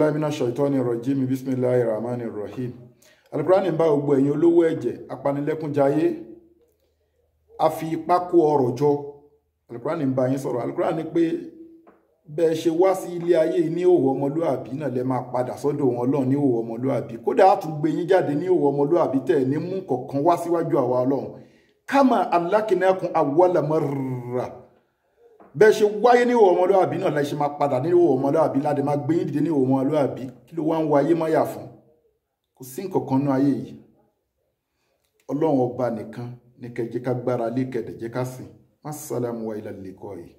láìmínà ṣàìtọ́ni rọ̀jíìmí bísmíláì rahman rahim alukurani ń bá gbogbo ẹ̀yin olówó ẹ̀jẹ̀ apanilẹ́kúnjayé a fi ipá kó ọrọ̀ jọ alukurani ń bá yín sọ̀rọ̀ alukurani pé bẹ́ẹ̀ ṣe wá sí ilé ayé ní òwò ọmọlúàbí náà lẹ máa padà sọ́dọ̀ wọn Ọlọ́run ní òwò ọmọlúàbí kódà á tún gbé yín jáde ní òwò ọmọlúàbí tẹ̀ ní mú kọ̀ọ̀kan wá síwájú àwa Ọlọ́run kámà alákìnnẹ́kùn awọ́làmọ́rà bẹ́ẹ̀ ṣe wáyé ní ìwọ̀ ọmọlúàbí náà lẹ́ ṣe máa padà ní ìwọ̀ ọmọlúàbí láti máa gbé yín dìde ní ìwọ̀ ọmọlúàbí kí ló wá ń wáyé mọ́yà fún kò sí nǹkan kan nú ayé yìí ọlọ́run ọba nìkan ní kẹ́ ká gbára lé kẹ́dẹ̀ jẹ́ ká sìn má sálàmù wa ilà yìí.